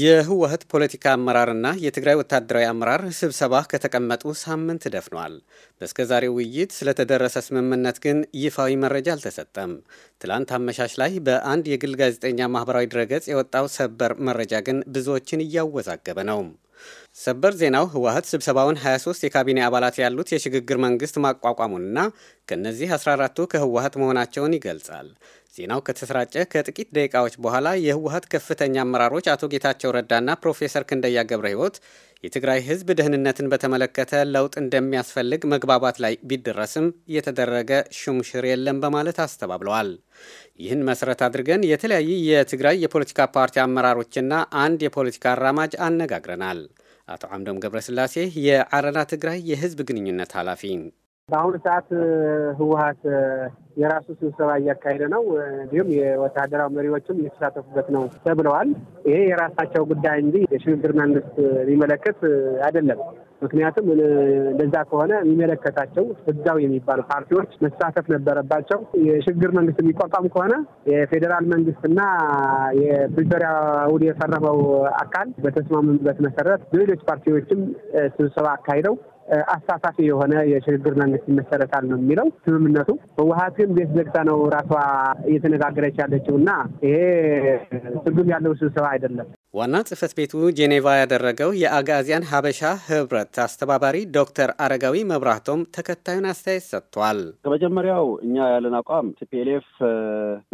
የህወሀት ፖለቲካ አመራርና የትግራይ ወታደራዊ አመራር ስብሰባ ከተቀመጡ ሳምንት ደፍኗል። እስከ ዛሬው ውይይት ስለተደረሰ ስምምነት ግን ይፋዊ መረጃ አልተሰጠም። ትላንት አመሻሽ ላይ በአንድ የግል ጋዜጠኛ ማህበራዊ ድረገጽ የወጣው ሰበር መረጃ ግን ብዙዎችን እያወዛገበ ነው። ሰበር ዜናው ህወሀት ስብሰባውን 23 የካቢኔ አባላት ያሉት የሽግግር መንግስት ማቋቋሙንና ከእነዚህ 14ቱ ከህወሀት መሆናቸውን ይገልጻል። ዜናው ከተሰራጨ ከጥቂት ደቂቃዎች በኋላ የህወሀት ከፍተኛ አመራሮች አቶ ጌታቸው ረዳና ፕሮፌሰር ክንደያ ገብረ ህይወት የትግራይ ህዝብ ደህንነትን በተመለከተ ለውጥ እንደሚያስፈልግ መግባባት ላይ ቢደረስም የተደረገ ሹምሽር የለም በማለት አስተባብለዋል። ይህን መሰረት አድርገን የተለያዩ የትግራይ የፖለቲካ ፓርቲ አመራሮችና አንድ የፖለቲካ አራማጅ አነጋግረናል። አቶ አምዶም ገብረስላሴ የአረና ትግራይ የህዝብ ግንኙነት ኃላፊ በአሁኑ ሰዓት ህወሀት የራሱ ስብሰባ እያካሄደ ነው። እንዲሁም የወታደራዊ መሪዎችም እየተሳተፉበት ነው ተብለዋል። ይሄ የራሳቸው ጉዳይ እንጂ የሽግግር መንግስት የሚመለከት አይደለም። ምክንያቱም እንደዛ ከሆነ የሚመለከታቸው ህጋዊ የሚባሉ ፓርቲዎች መሳተፍ ነበረባቸው። የሽግግር መንግስት የሚቋቋም ከሆነ የፌዴራል መንግስትና የፕሪቶሪያ ውድ የፈረመው አካል በተስማሙበት መሰረት ሌሎች ፓርቲዎችም ስብሰባ አካሂደው አሳታፊ የሆነ የሽግግር መንግስት ይመሰረታል ነው የሚለው ስምምነቱ። ህወሀት ግን ቤት ዘግታ ነው ራሷ እየተነጋገረች ያለችው እና ይሄ ትርጉም ያለው ስብሰባ አይደለም። ዋና ጽህፈት ቤቱ ጄኔቫ ያደረገው የአጋዚያን ሀበሻ ህብረት አስተባባሪ ዶክተር አረጋዊ መብራቶም ተከታዩን አስተያየት ሰጥቷል። ከመጀመሪያው እኛ ያለን አቋም ቲፒኤልኤፍ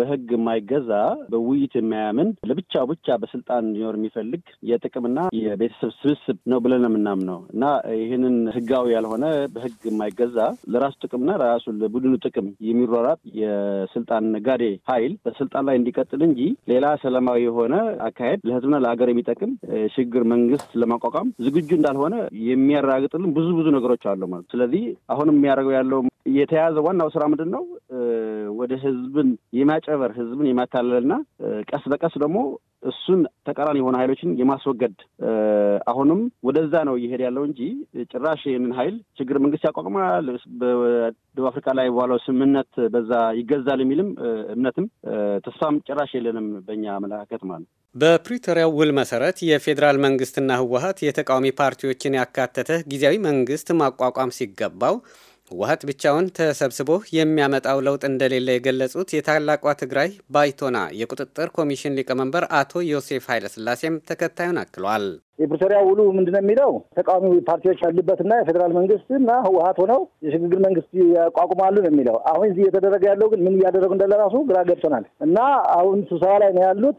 በህግ የማይገዛ በውይይት የማያምን ለብቻው ብቻ በስልጣን ሊኖር የሚፈልግ የጥቅምና የቤተሰብ ስብስብ ነው ብለን ነው የምናምነው እና ይህንን ህጋዊ ያልሆነ በህግ የማይገዛ ለራሱ ጥቅምና ለራሱ ለቡድኑ ጥቅም የሚሯራጥ የስልጣን ነጋዴ ኃይል በስልጣን ላይ እንዲቀጥል እንጂ ሌላ ሰላማዊ የሆነ አካሄድ ለህዝብና ለሀገር የሚጠቅም ሽግግር መንግስት ለማቋቋም ዝግጁ እንዳልሆነ የሚያረጋግጥልን ብዙ ብዙ ነገሮች አሉ ማለት። ስለዚህ አሁንም የሚያደርገው ያለው የተያዘ ዋናው ስራ ምንድን ነው? ወደ ህዝብን የማጨበር ህዝብን የማታለልና ቀስ በቀስ ደግሞ እሱን ተቃራኒ የሆነ ኃይሎችን የማስወገድ አሁንም ወደዛ ነው እየሄድ ያለው እንጂ ጭራሽ ይህንን ኃይል ችግር መንግስት ያቋቁማል በደቡብ አፍሪካ ላይ በኋላው ስምምነት በዛ ይገዛል የሚልም እምነትም ተስፋም ጭራሽ የለንም በእኛ አመለካከት ማለት ነው። ውል መሰረት የፌዴራል መንግስትና ህወሀት የተቃዋሚ ፓርቲዎችን ያካተተ ጊዜያዊ መንግስት ማቋቋም ሲገባው ህወሀት ብቻውን ተሰብስቦ የሚያመጣው ለውጥ እንደሌለ የገለጹት የታላቋ ትግራይ ባይቶና የቁጥጥር ኮሚሽን ሊቀመንበር አቶ ዮሴፍ ኃይለስላሴም ተከታዩን አክለዋል። የፕሪቶሪያ ውሉ ምንድነው የሚለው ተቃዋሚ ፓርቲዎች ያሉበትና የፌዴራል መንግስት እና ህወሀት ሆነው የሽግግር መንግስት ያቋቁማሉ ነው የሚለው። አሁን እዚህ እየተደረገ ያለው ግን ምን እያደረጉ እንዳለ ራሱ ግራ ገብቶናል እና አሁን ስብሰባ ላይ ነው ያሉት።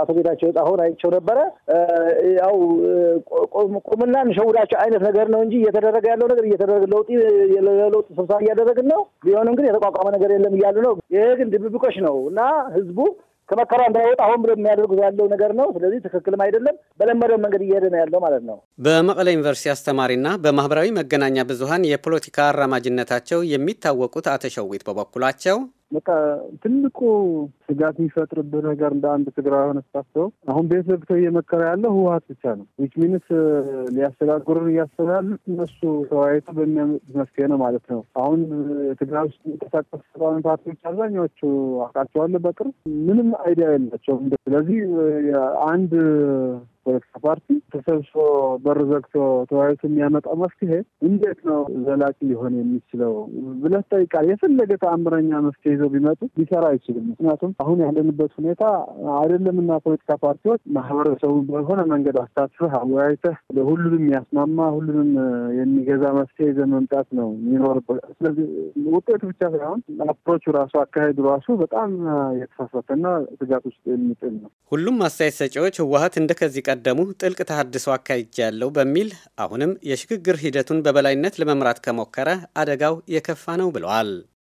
አቶ ጌታቸው ጣሁን አይቸው ነበረ። ያው ቁምና እንሸውዳቸው አይነት ነገር ነው እንጂ እየተደረገ ያለው ነገር እየተደረገ ለውጥ ለውጥ ስብሰባ እያደረግን ነው። ቢሆንም ግን የተቋቋመ ነገር የለም እያሉ ነው። ይሄ ግን ድብብቆች ነው እና ህዝቡ ከመከራ እንዳይወጣ አሁን ብሎ የሚያደርጉ ያለው ነገር ነው። ስለዚህ ትክክልም አይደለም። በለመደው መንገድ እየሄደ ነው ያለው ማለት ነው። በመቀለ ዩኒቨርሲቲ አስተማሪና በማህበራዊ መገናኛ ብዙሀን የፖለቲካ አራማጅነታቸው የሚታወቁት አተሸዊት በበኩላቸው በቃ ትልቁ ስጋት የሚፈጥርብህ ነገር እንደ አንድ ትግራዊ ሆነ ስታስበው አሁን ቤተሰብ ሰው እየመከረ ያለ ህወሀት ብቻ ነው። ዊች ሚንስ ሊያስተጋግሩን እያስበላል እነሱ ተወያይቶ በሚያመጡት መፍትሄ ነው ማለት ነው። አሁን ትግራይ ውስጥ የሚንቀሳቀሱ ተቃዋሚ ፓርቲዎች አብዛኛዎቹ አውቃቸዋለሁ በቅርብ ምንም አይዲያ የላቸውም። ስለዚህ አንድ ፖለቲካ ፓርቲ ተሰብስቦ በር ዘግቶ ተወያይቶ የሚያመጣው መፍትሄ እንዴት ነው ዘላቂ ሊሆን የሚችለው ብለህ ትጠይቃለህ። የፈለገ ተአምረኛ መፍትሄ ይዘው ቢመጡ ሊሰራ አይችልም። ምክንያቱም አሁን ያለንበት ሁኔታ አይደለምና ፖለቲካ ፓርቲዎች ማህበረሰቡ በሆነ መንገድ አሳትፈህ አወያይተህ ለሁሉንም ያስማማ ሁሉንም የሚገዛ መፍትሄ ይዘህ መምጣት ነው የሚኖርበት። ስለዚህ ውጤቱ ብቻ ሳይሆን አፕሮቹ ራሱ አካሄዱ ራሱ በጣም የተሳሳተና ስጋት ውስጥ የሚጥል ነው። ሁሉም አስተያየት ሰጪዎች ህወሀት እንደከዚህ ቀደም ቀደሙ ጥልቅ ተሃድሶ አካሂጃለሁ በሚል አሁንም የሽግግር ሂደቱን በበላይነት ለመምራት ከሞከረ አደጋው የከፋ ነው ብለዋል።